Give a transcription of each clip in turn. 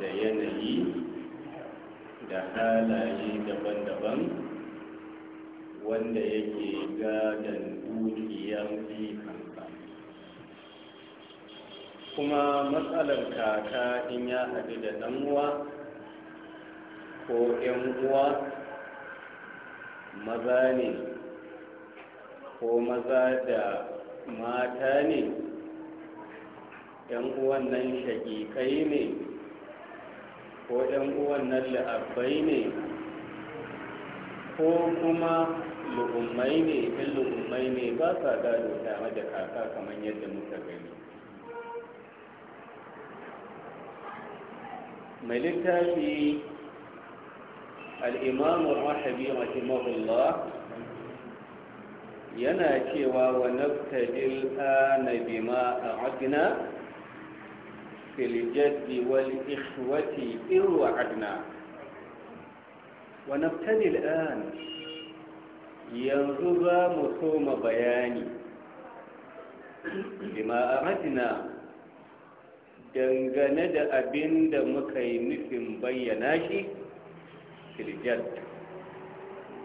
da yanayi da halaye daban-daban wanda yake gadon dukiyar kansa kuma matsalar kaka in ya haɗu da ɗan'uwa ko uwa maza ne ko maza da mata ne yan uwan nan shaƙiƙai ne ko yan uwan nan la'abbai ne ko kuma lu'ummai ne in lu'ummai ne ba sa gado tare da kaka kamar yadda muka gani mai littafi al'imamu rahabi rahimahullah yana cewa wa naftajil na bima a في الجد والإخوة إن وعدنا ونبتدي الآن ينظر مصوم بياني لما أردنا dangane da abin da muka yi nufin bayyana shi filjad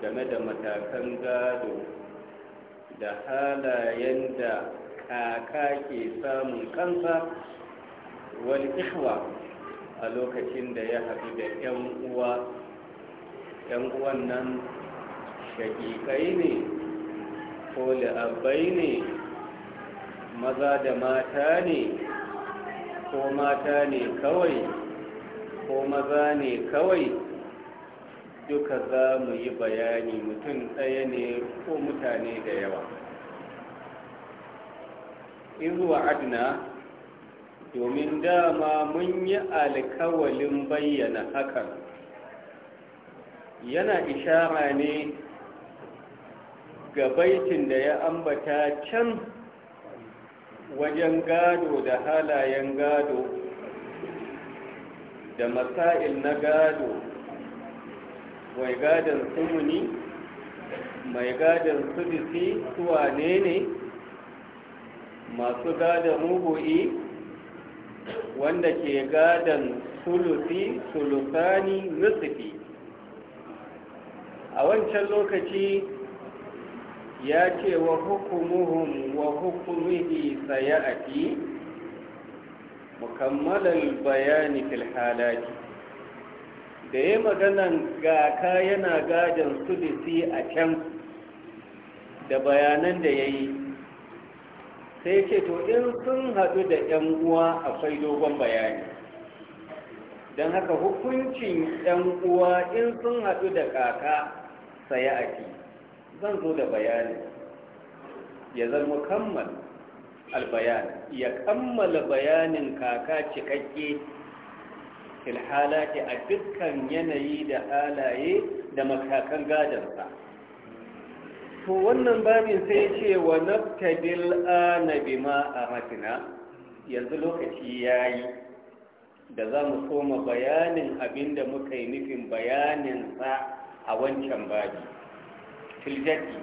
game da matakan gado da halayen da kaka ke samun kansa Wani ikhwa a lokacin da ya haɗu da 'yan uwan nan shaƙiƙai ne ko la'abbai ne maza da mata ne ko mata ne kawai ko maza ne kawai duka za mu yi bayani mutum ɗaya ne ko mutane da yawa izuwa adina domin dama mun yi alkawalin bayyana hakan yana ishara ne ga baitin da ya ambata can wajen gado da halayen gado da masail na gado mai gadon sumuni mai gadon sudisi suwa ne ne masu gadon mugu'i? wanda ke gadon sulusi sulusani nusufi a wancan lokaci ya ce wa hukumuhun wa hukumihi sayati mukammalar bayani fil da ya maganan ga ka yana gadon sulusi a can da bayanan da ya yi sai ce to in sun haɗu da 'yan uwa akwai dogon bayani don haka hukuncin 'yan uwa in sun haɗu da kaka sai a ke zan zo da bayani ya zama kammal albayan ya kammala bayanin kaka cikakke filhalati a dukkan yanayi da halaye da matakan gadonsa. to wannan babin sai ce wa naftadil ana bima a matina yanzu lokaci ya yi da za mu koma bayanin abinda muka yi nufin bayaninsa a wancan babi Filjaki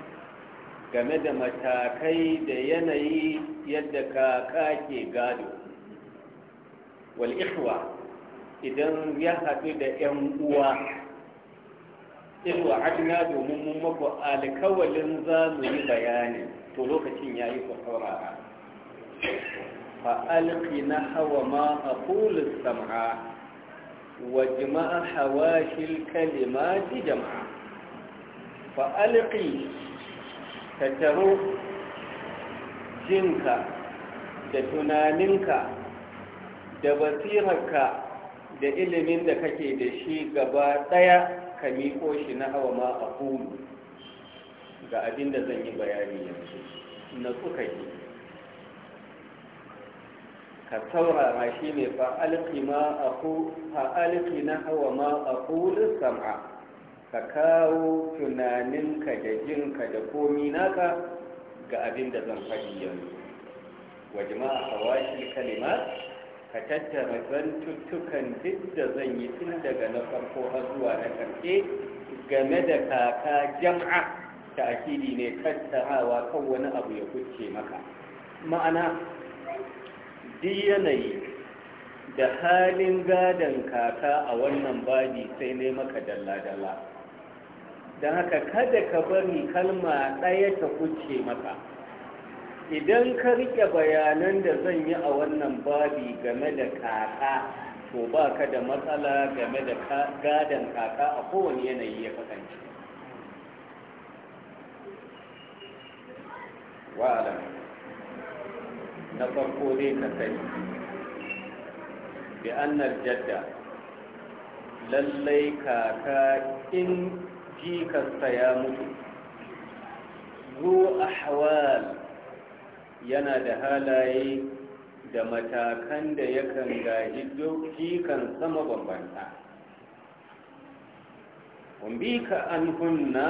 game da matakai da yanayi yadda kaka ke gado wal ikhwa idan ya haɗu da 'yan uwa in wa'adna domin mun maku alkawalin za mu yi bayani to lokacin ya yi saurara fa na hawa ma aqulu sam'a wa jama'a hawashil kalimati jama'a fa alqi tattaro jinka da tunaninka da basirarka da ilimin da kake da shi gaba daya ka miko shi na hawa ma a hulu ga abin da zan yi bayani yanzu na suka yi ka saurara shi ne fa'alƙi na hawa ma a kulu sam'a ka kawo tunaninka da jinka da komi naka ga abin da zan faɗi yanzu wa jima'a hawa shi kalimat ka tattara zantuttukan duk da zan yi tun daga na farko har zuwa na ƙarshe game da kaka jam'a ta akidi ne kattarawa kan wani abu ya kuce maka ma'ana duk yanayi da halin gadon kaka a wannan babi sai ne maka dalla-dalla don haka kada ka bari kalma ɗaya ta kuce maka idan ka rike bayanan da zan yi a wannan babi game da kaka to ba ka da matsala game da gadon kaka a kowane yanayi ya kasance wa'ala na farko dai ka sani bi annar jadda lallai kaka in ji ka ya mutu zuwa ahwal yana da halaye da matakan da yakan gaji jikan sama bambanta wambika an hunna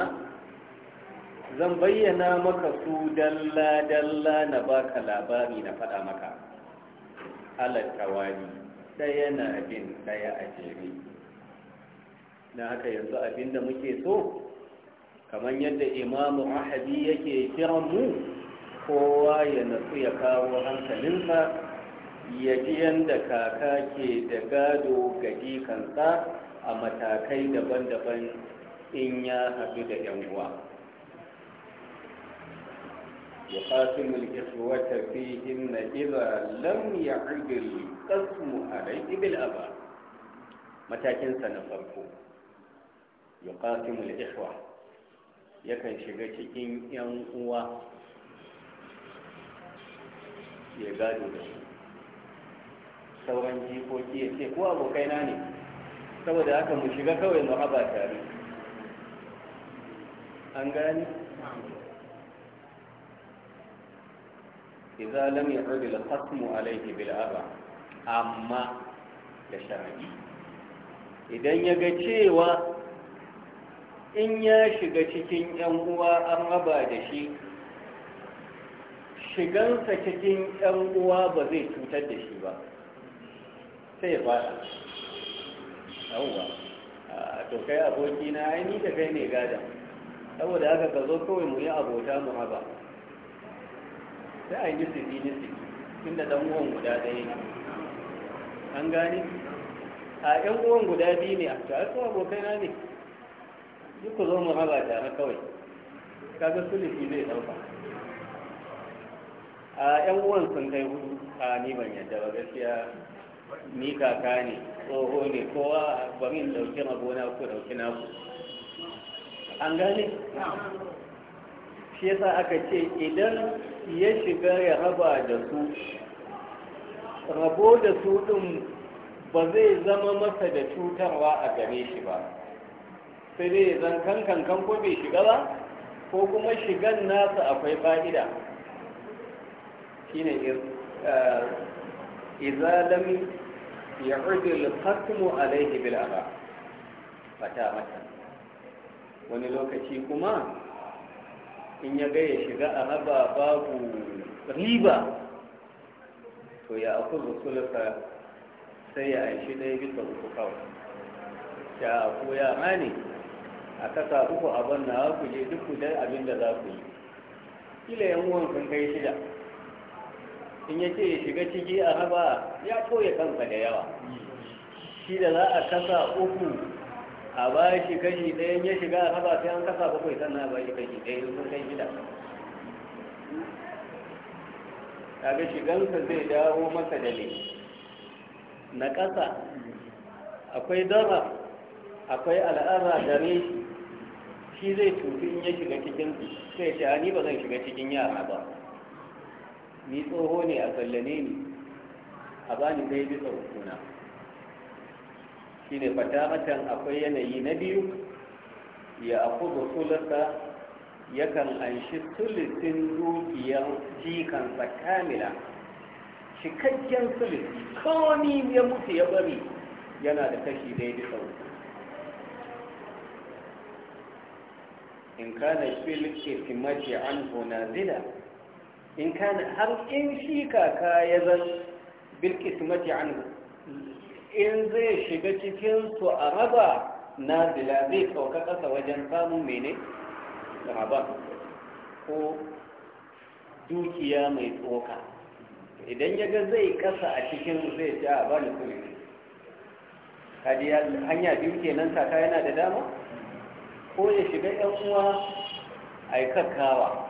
zan bayyana maka su dalla-dalla na baka labari na faɗa maka alattawari ɗaya na abin ɗaya a jere na haka yanzu abin da muke so kamar yadda imamu ahadi yake kiran mu kowa ya nufi ya kawo hankalinsa ya ji yadda kaka ke da gado ga jikansa a matakai daban-daban in ya haɗu da yanguwa ya fasi mulki wata fihin na iza lam ya ƙirgiri ƙasmu a rai ibil aba matakinsa na farko ya fasi mulki yakan shiga cikin 'yan uwa ya gado da shi sauran jikoki ya ce ko abokaina ne saboda haka mu shiga kawai mu haba tare an gani idza lam yurd al khasmu alayhi bil aba amma da sharadi idan ya ga cewa in ya shiga cikin yan uwa an raba da shi shigansa cikin ‘yan uwa ba zai cutar da shi ba sai ya fada yawwa to kai aboki na aini da kai ne gada saboda haka ka zo kawai mu yi abota mu haba sai a yi nisi nisi inda ɗan uwan guda ɗaya ne an gane a ‘yan uwan guda biyu ne a ko abokai na ne duk ku zo mu haba tare kawai kaga shi zai ɗauka a yan uwan sun kai hudu a ni ban yadda ba gaskiya ni kaka ne tsoho ne kowa ba min dauki gona ko dauki naku an gane shi yasa aka ce idan ya shiga ya raba da su rabo da su din ba zai zama masa da cutarwa a gare shi ba sai dai zan kankan kan ko bai shiga ba ko kuma shigan nasa akwai fa'ida shine idza eh, lam ya'ud al-qatm alayhi bil aba fata mata wani lokaci kuma in ya ga ya shiga a raba babu riba to ya aku sulasa sai ya aishi ɗaya bisa uku kawai ya aku ya ne a kasa uku a na ku je duk dai abin da za ku yi kila yan uwan sun kai shida in ya ce ya shiga ciki a raba ya koya kansa da yawa shi da za a kasa uku a ba shi kashi ɗaya ya shiga a raba sai an kasa bakwai sannan ba shi kashi ɗaya sun kai gida kaga shigansa zai dawo masa da ne na ƙasa akwai dara akwai al'ada da ne shi zai tufi in ya shiga cikin sai ce ni ba zan shiga cikin yara ba ni tsoho ne a sallane ni a bani dai bisa hukuna shine matan akwai yanayi na biyu ya da sulasa yakan anshi sulisin dukiyar jikan tsakamila cikakken sulisi kawani ya mutu ya bari yana da kashi dai bisa in kana fi kitimati an zina in kana har in shi kaka ya zan bilkismati in zai shiga cikin su a raba na bila zai sauka ƙasa wajen samun mene raba ko dukiya mai tsoka idan ya ga zai kasa a cikin zai ja a bani kuri hanya biyu kenan kaka yana da dama ko ya shiga yan uwa a yi kakkawa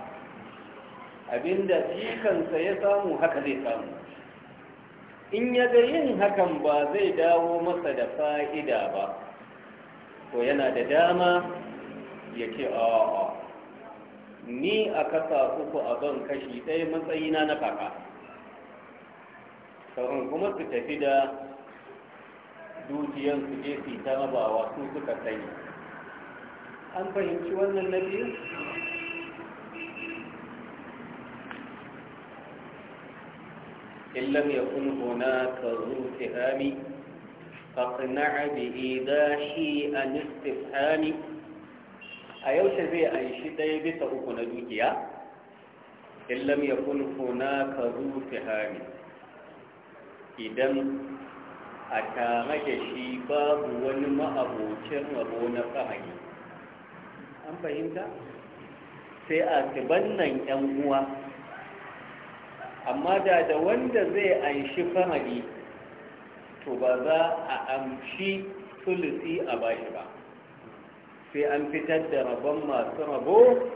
abinda jikansa ya samu haka zai samu in ya ga yin hakan ba zai dawo masa da fa'ida ba to yana da dama ya ce a ni a kasa uku a ban kashi ɗaya matsayina na kaka sauran kuma su tafi da dukiyansu je su ta mabawa su suka sani an fahimci wannan na إن لم يكن هناك ذو اتهام فاقنع بإيداحي أن استفهام a yau ce zai a shi ɗaya bisa uku na dukiya in lam ya kunfuna ka rufe hami idan a tare da shi babu wani ma'abocin rabo na fahimta an fahimta sai a tibannan 'yan uwa amma da da wanda zai anshi famali to ba za a amshi sulusi a bashi ba sai an fitar da rabon masu rabo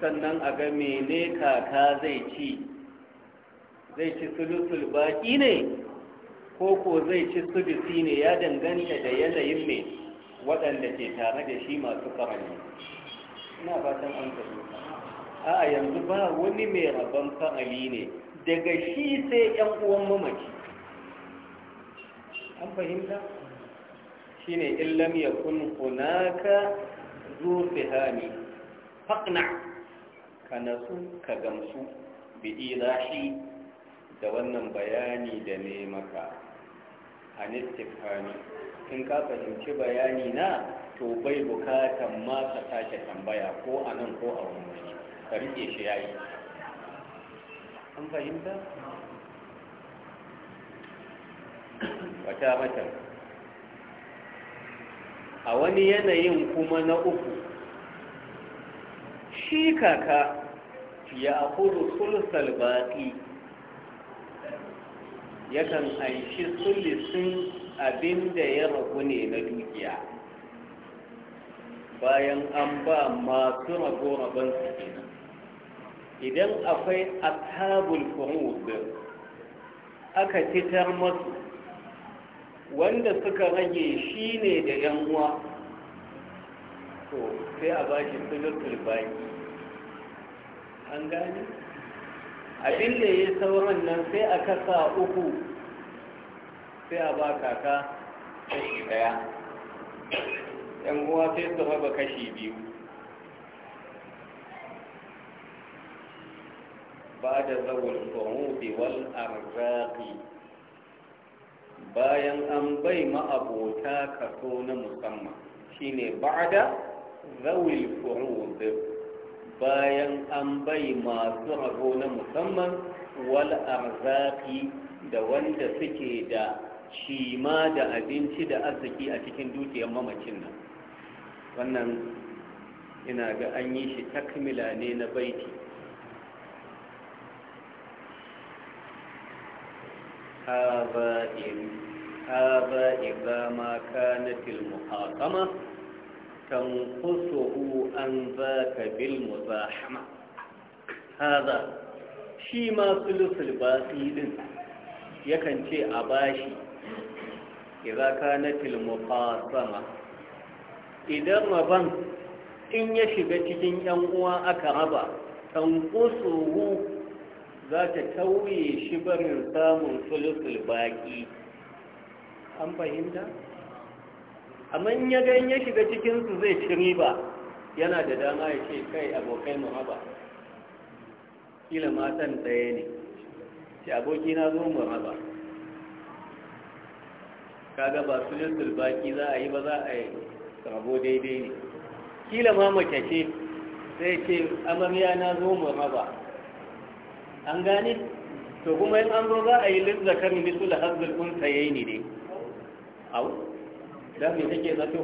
sannan a ga mene kaka zai ci zai ci sulusul baki ne ko ko zai ci sulusi ne ya danganta da yanayin mai waɗanda ke tare da shi masu ƙarami? ina fatan an fahimta a yanzu ba wani mai rabon fa'ali ne daga shi sai ‘yan uwan mamaki, an fahimta shi ne illam ya kun ka zo hami faƙna ka nasu ka gamsu bi'i rashi da wannan bayani da ne maka a nistifani in ka fahimci bayani na to bai bukatan ma ka sake tambaya ko a nan ko a wani ka riƙe shi ya yi an fahimta wata mata, a wani yanayin kuma na uku shi kaka ya kudu sulusal baƙi yakan aishi sulisin abin da ya ragu ne na dukiya bayan an ba masu ragu rabon su kenan idan akwai ashabul furud aka fitar masu wanda suka rage shi ne da yan uwa to sai a ba shi sulutul baki an gani abin da ya sauran nan sai a kasa uku sai a ba kaka kashi daya yan uwa sai su raba kashi biyu بعد ذوي القعود والأرزاق bayan an bai ma'abota kaso na musamman shine ba'da zawil furud bayan an bai masu rabo na musamman wal arzaki da wanda suke da shima da abinci da arziki a cikin dukiyar mamacin nan wannan ina ga an yi shi takmila ne na baiti هذا إن هذا إذا ما كانت المحاكمة تنقصه عن ذاك بالمزاحمة هذا shi ma sulusul basi din yakan ce a bashi idza kanatil muqasama idan raban in ya shiga cikin yan uwa aka raba tanqusuhu za ta tauye shi barin samun sulusul baƙi an fahimta amma in ya gan ya shiga cikinsu zai ci riba yana da dama ya ce kai abokai mu haba kila matan tsaye ne ce aboki na zo mu haba kaga ba sulusul baƙi za a yi ba za a yi rabo daidai ne kila ma mace ce sai ce amarya na zo mu haba an gane to kuma in an za a yi lizzakar misu da hazzul unsa yayi ne dai au da me take zato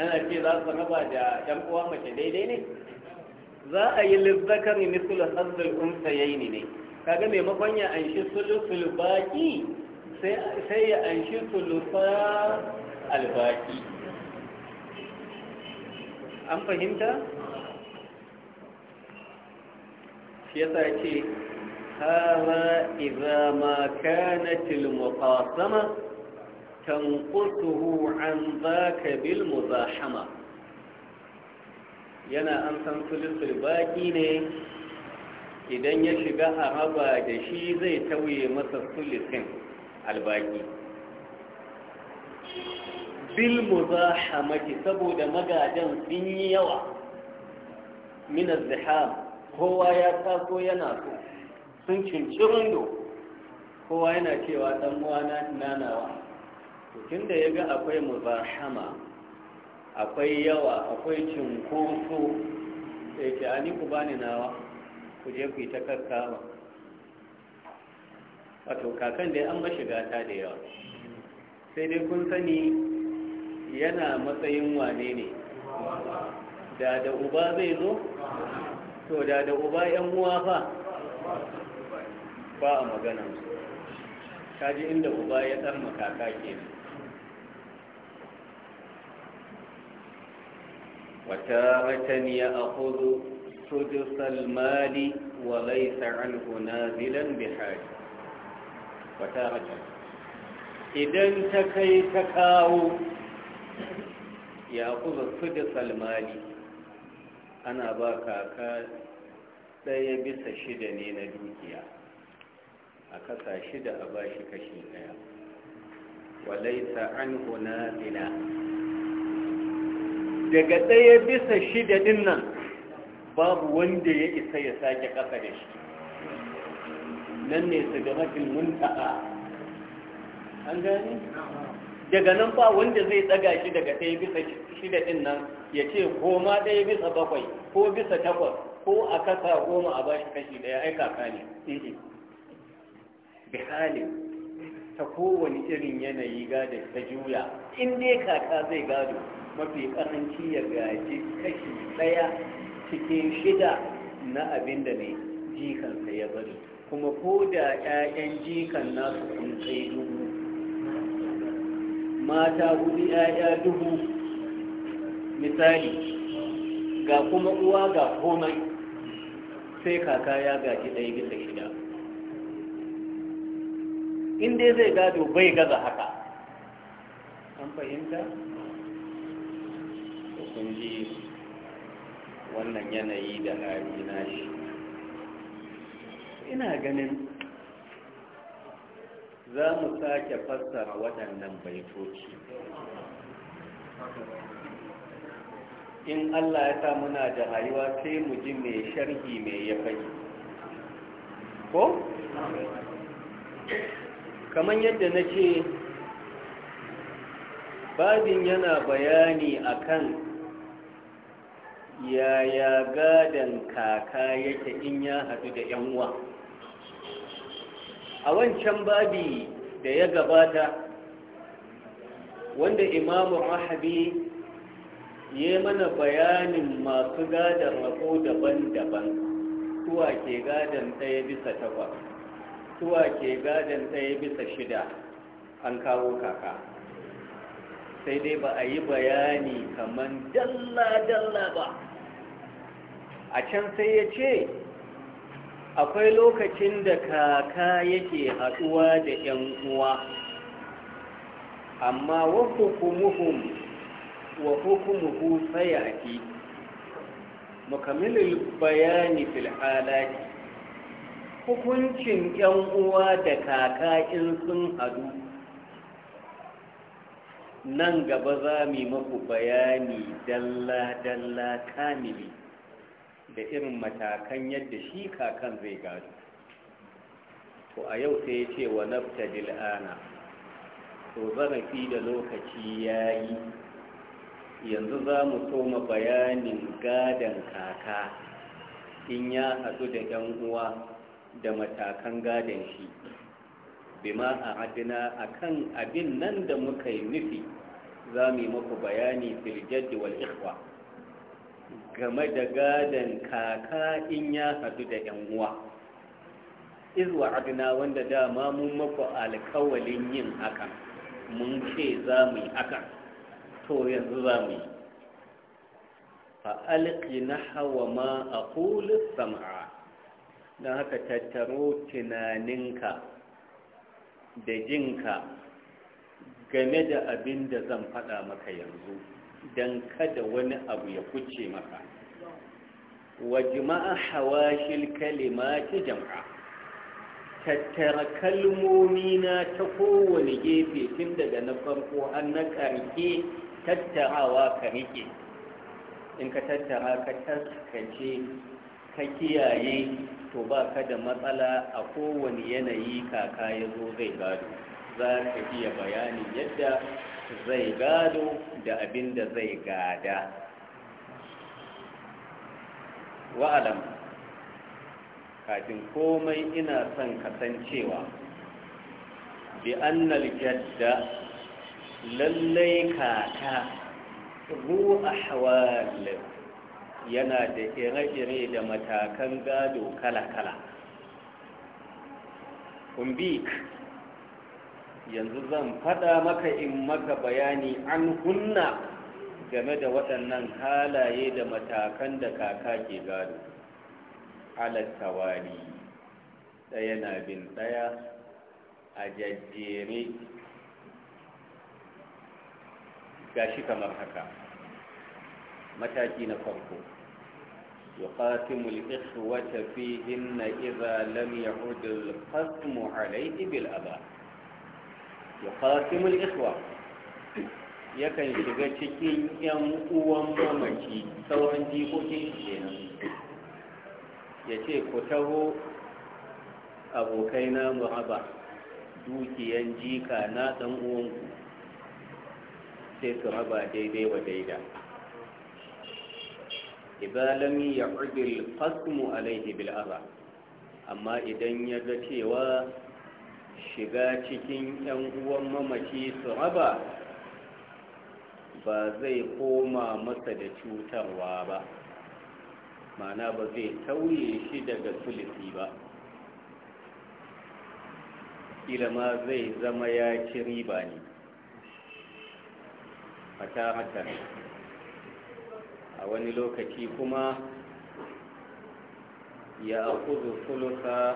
ana ce za su naba da yan uwa mace daidai ne za a yi lizzakar misu da hazzul unsa yayi ne kaga maimakon an shi sulusul baki sai ya an anshi sulusa albaki an fahimta shi yasa ya ce هذا إذا ما كانت المقاسمة تنقصه zaka ذاك بالمزاحمة yana an san sulisul baƙi ne idan ya shiga a raba da shi zai tauye masa sulisin albaki bil muzahamati saboda magadan sun yi yawa min az kowa ya taso yana so sun cincirin do kowa yana cewa dan na nanawa to tunda yaga akwai muzahama akwai yawa akwai cinkoso sai ce ani ku bani nawa ku je ku yi ta kakkawa wato kakan dai an mashiga ta da yawa sai dai kun sani yana matsayin wane ne da da uba zai zo to da da uba yan uwa ba a magana ka ji inda uba ya dan makaka ke wata wata ni ya akwado sojusal mali wa laisa alhu na zilan idan ta kai ta kawo ya akwado sojusal mali ana ba kaka ɗaya bisa shida ne na dukiya a kasa shida a ba shi kashi ɗaya walaita an huna ina daga ɗaya bisa shida ɗin nan babu wanda ya isa ya sake ƙasa da shi nan ne su ga mafi ta'a. an gani? daga nan ba wanda zai tsaga shi daga ɗaya bisa shida ɗin nan ya ce ma ɗaya bisa bakwai ko bisa takwas ko a kasa goma a bashi kashi ɗaya aika kaka ne bi ta kowane irin yanayi gada ta juya in dai kaka zai gado mafi ƙaranci ya gaji kashi ɗaya cikin shida na abin da ne jikansa ya bari kuma ko da 'ya'yan jikan nasu sun sai dubu mata hudu ‘ya'ya duhu misali ga kuma uwa ga komai sai kaka ya gaji ɗaya bisa shida in dai zai gado bai gaza haka an fahimta? kun ji wannan yanayi da hali na shi ina ganin za mu sake fassara waɗannan baitoci in Allah ya sa muna da rayuwa sai mu ji mai sharhi mai ya fage ko? kamar yadda na ce babin yana bayani akan yaya gadon kaka yake in ya hadu da 'yan uwa. a wancan babi da ya gabata wanda imamu rahabi ya mana bayanin masu gadon rako daban-daban tuwa ke gadon ɗaya bisa takwas tuwa ke gadon ɗaya bisa shida an kawo kaka sai dai ba a yi bayani kamar dalla-dalla ba a can sai ya ce akwai lokacin da kaka yake haɗuwa da ‘yan uwa amma wa hukumuhum wa hukumuhu sayati bayani fil hukuncin ‘yan uwa da kaka in sun haɗu nan gaba za mu yi maku bayani dalla-dalla kamili da irin matakan yadda shi kakan zai gado to a yau sai ya ce wa nafta dil'ana to zarafi da lokaci ya yi yanzu za mu soma bayanin gadon kaka in ya haɗu da 'yan uwa da matakan gadon shi bima a adina a kan abin nan da muka yi nufi za mu yi maku bayani filjaddi wal game da gadon kaka in ya haɗu da ‘yan uwa izuwa adina wanda dama mun maku alkawalin yin hakan mun ce za mu yi hakan to yanzu za mu yi fa'alƙi na hawa ma a kulis sam'a don haka tattaro tunaninka da jinka game da abin da zan faɗa maka yanzu Dan kada wani abu ya kuce maka wa jima'a hawashil kalimati jam'a tattara kalmomi na ta kowane gefe tun daga na farko an na karke tattarawa ka rike in ka tattara ka taskace ka kiyaye to ba ka da matsala a kowane yanayi kaka ya zo zai gado za ka iya bayanin yadda zai gado da abin da zai gada wa'alam kafin komai ina son kasancewa bi annal jadda lallai kaka ruwa hawal yana da ire-ire da matakan gado kala-kala kumbik yanzu zan faɗa maka in maka bayani an hunna game da waɗannan halaye da matakan da kaka ke gado alattawari ɗaya na bin ɗaya a jajjere Ga shi kamar haka mataki na farko يقاتم الإخوة فيهن إذا لم يعد القسم عليه بالأباء ya qasimul yakan shiga cikin yan uwan mamaci sauran jikokin kenan ya ce ku taho abokaina na dukiyan jika na ɗan uwanku sai su raba daidai wa daida ibalami ya ƙudil fasmu alaihi bil'aba amma idan ya ga cewa shiga cikin 'yan uwan mamaci su raba ba zai koma masa da cutarwa ba mana ba zai tauye shi daga sulisi ba Ilima ma zai zama ya ci riba ne fata haka a wani lokaci kuma ya akuzu sulusa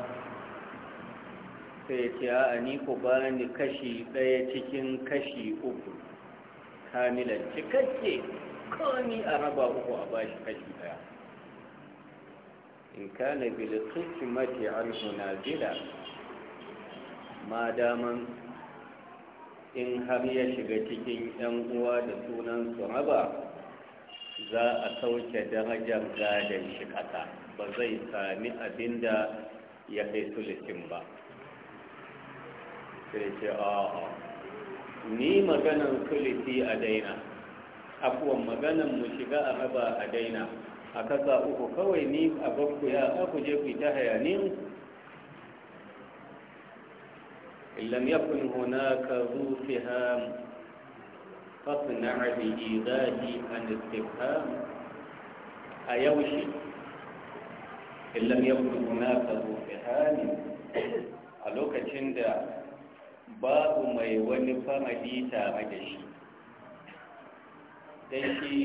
yi ce a ni ku ba ni kashi ɗaya cikin kashi uku kamilan cikakke komi a raba uku a bashi kashi ɗaya in ka na ci bil hikmati an hunazila ma daman in har ya shiga cikin yan uwa da sunan su raba za a sauke darajar gadon shi ƙasa ba zai sami abinda ya kai sulisin ba sai ce a'a ni maganan kuliti a daina afuwan maganan mu shiga a raba a daina a kasa uku kawai ni a bakku ya ku je ku ta hayanin illam yakun hunaka zu fiham fasna bi idahi an istifham a yaushe illam yakun hunaka zu fiham a lokacin da babu mai wani famadi tare da shi don shi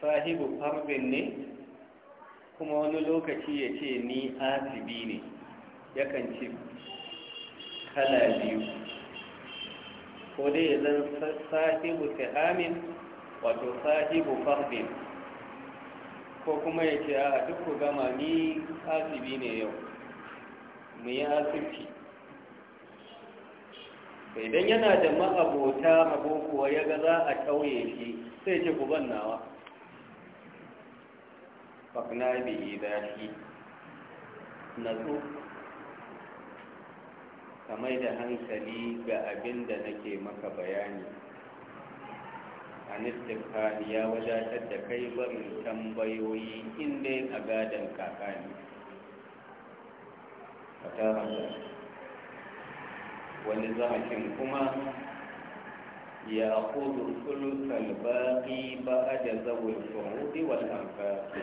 sahibu farbin ne kuma wani lokaci ya ce ni asibi ne yakan ci kala biyu ko dai ya zan sahibu sahamin wato sahibu farbin ko kuma ya ce a duk gama ni asibi ne yau mu yi asibci idan yana da ma'abota mabokuwa ya ga za a tauye shi sai ce guban ban nawa fakna bi zafi natsu ka da hankali ga abinda da nake maka bayani anistikani ya wadatar da kai barin tambayoyi inda a gadon kakani wani zamakin kuma ya kudu sulusal baƙi ba a da zawul shahudi wa amfani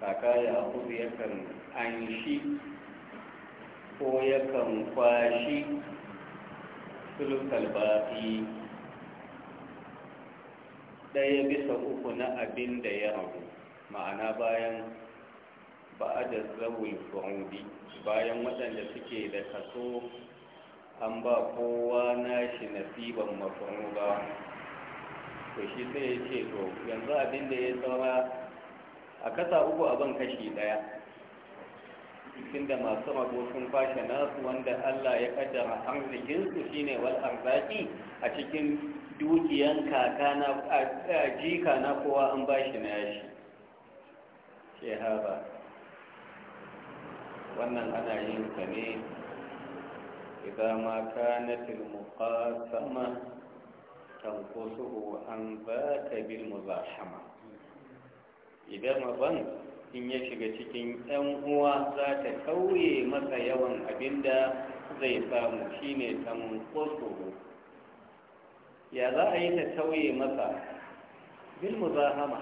kaka ya kudu yakan an shi ko yakan kwashi sulusal baƙi ɗaya bisa uku na abin da ya rabu ma'ana bayan ba'ad zawul fu'udi bayan waɗanda suke da kaso an ba kowa nashi nasiban ba to shi sai ya ce to yanzu abin da ya saura a kasa uku a ban kashi daya cikin da masu rabo sun kwashe nasu wanda Allah ya kaddara arzikinsu shine wal arzaki a cikin dukiyan kaka na jika na kowa an bashi nashi Ke haba wannan ana yin ta ne idan ma kanatil muqasama tanqusuhu an za a hama. idan maban in ya shiga cikin 'yan uwa za ta kauye masa yawan abinda zai samu shine tanqusuhu ya za a yi ta tauye masa a hama.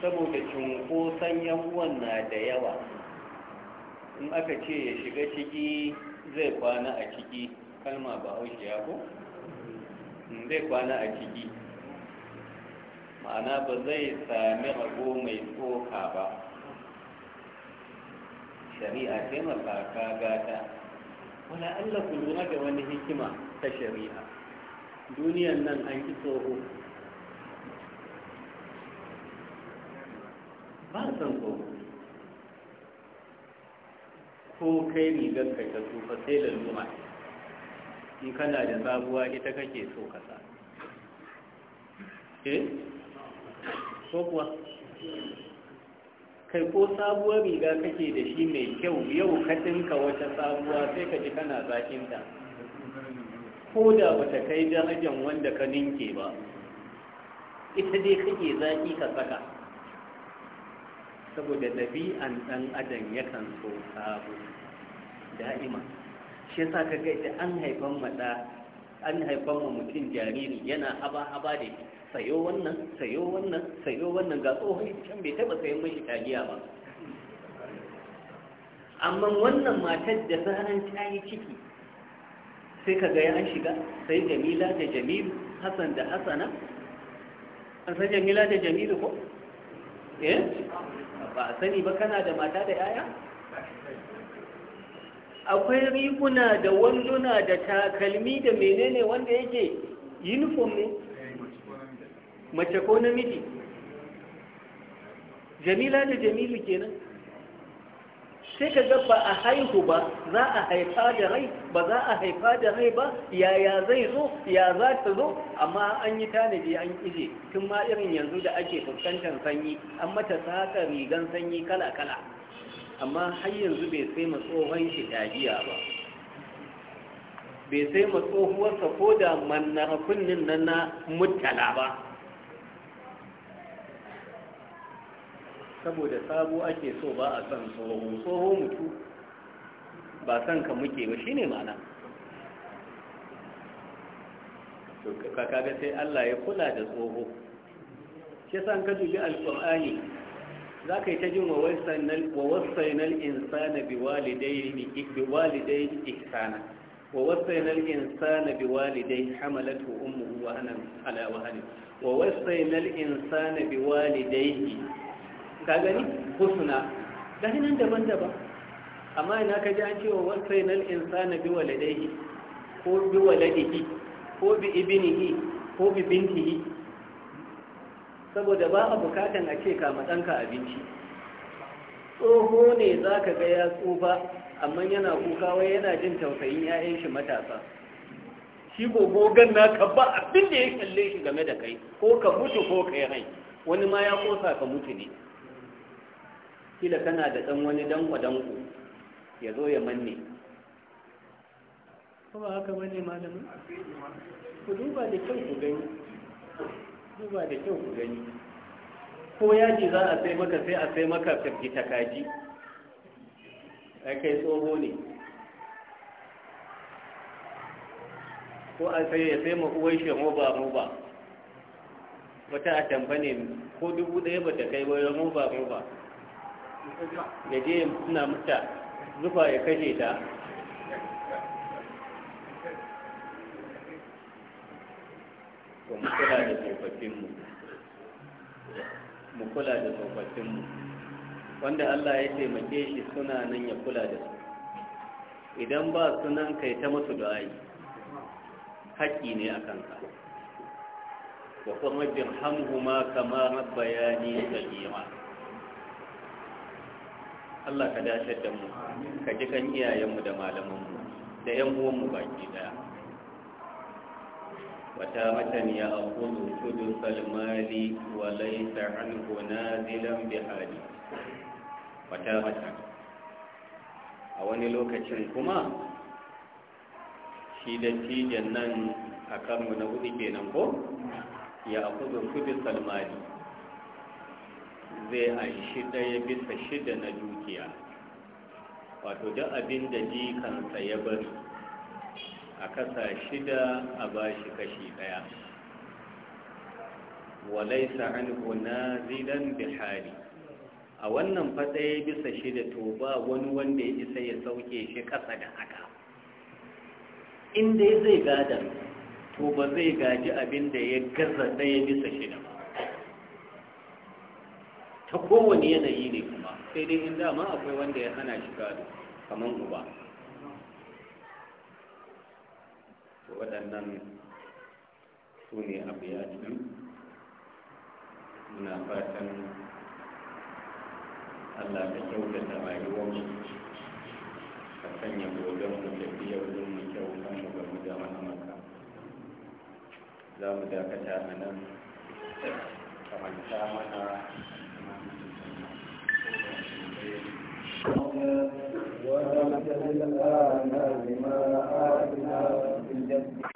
saboda cunkoson yan uwan na da yawa in aka ce ya shiga ciki zai kwana a ciki kalma ba haushi ya ko? Mm, zai kwana a ciki ma'ana ba zai sami rago mai tsoka ba shari'a taimaka ka gata Wani Allah ku lura da wani hikima ta shari'a duniyan nan an ki tsoho ba san tsoho ko kai rigar ka ta tsufa sai laluma in kana da sabuwa ita kake so ka sa eh ko kuwa kai ko sabuwar riga kake da shi mai kyau yau ka dinka wata sabuwa sai ka ji kana zakinta ko da ta kai darajar wanda ka ninke ba ita dai kake zaki ka saka saboda ɗabi'an ɗan adam yakan so sabo da'ima shi yasa ka ga da an haifan maɗa an haifan ma mutum jariri yana haba haba da sayo wannan sayo wannan sayo wannan ga tsohon can bai taɓa sayan mashi taliya ba amma wannan matar da zaran ta yi ciki sai ka ga ya shiga sai jamila da jamilu Hassan da hasana an san jamila da jamilu ko eh ba a sani ba kana da mata da yaya akwai riguna da wanduna da takalmi da menene wanda yake uniform ne mace ko namiji jamila da jamilu kenan sai ka ga a haihu ba za a haifa da rai ba za a haifa da rai ba yaya zai zo ya za ta zo amma an yi tanadi an ije tun ma irin yanzu da ake fuskantar sanyi an mata saka rigan sanyi kala-kala amma har yanzu bai sai mu tsohon shi dajiya ba bai sai mu tsohuwar ko da mannara kunnin nan na mutala ba saboda sabo ake so ba a san tsoho tsohon mutu ba san ka muke ba shine ma'ana to kaga sai Allah ya kula da tsoho shi san ka dubi alqur'ani zaka yi ta jin wa wasainal wa wasainal insana biwalidayni biwalidayni ihsana ووصينا الإنسان بوالديه حملته أمه وهنا على وهن ووصينا الإنسان بوالديه ka gani ko suna gani nan daban-daban amma ina ka ji an cewa wasainal insana bi waladaihi ko bi waladihi ko bi ibnihi ko bi bintihi saboda ba a bukatan a ce kama ɗanka abinci tsoho ne za ka ga ya tsufa amma yana kuka wai yana jin tausayin 'ya'yan shi matasa shi gogogon ka ba abin da ya kalle shi game da kai ko ka mutu ko ka yi rai wani ma ya kosa ka mutu ne kila kana da ɗan wani danko-danko ya zo ya manne kuma haka manne malamin ku duba da kyau ku gani duba da kyau ku gani ko yaji za a sai maka sai a sai maka tafi takaji kai tsoho ne ko a sai ya sai makuwai shi roba-roba wata a tambane ko dubu ɗaya ba ta kai ba roba-roba ya je suna mutta zufa ya kashe ta da tsofaffinmu mu kula da tsofaffinmu wanda Allah ya taimake shi suna nan ya kula da su idan ba sunan kai ta masu ai haƙƙi ne a kanka wa kuma jirhamhuma kama da sagira Allah ka dace da mu ka ji kan iyayenmu da malamanmu da yan uwanmu baki daya wata matan ya aqulu tudu salmari wa laysa na zilan bihari? wata matan a wani lokacin kuma shi da tijan nan a kanmu na hudu kenan ko ya aqulu tudu salmari zai aishi ɗaya bisa shida na dukiya wato duk abin da kansa ya bari a kasa shida a bashi kashi ɗaya Walai walaisa anhu zidan bihari a wannan fatsaye bisa shida to ba wani wanda ya isa ya sauke shi ƙasa da haka inda zai gadan to ba zai gaji abin da ya gaza ɗaya bisa shida ta kowane yanayi ne kuma sai dai in dama akwai wanda ya hana shiga da kamar uba waɗannan su ne abu ya biyu muna fatan allah da kyautata rayuwar ka sanya goben mu tafiyar mu kyau kan mu ga mu da maka za mu dakata a nan kamar ta mana وأبدل الآن بما آتنا في الجنة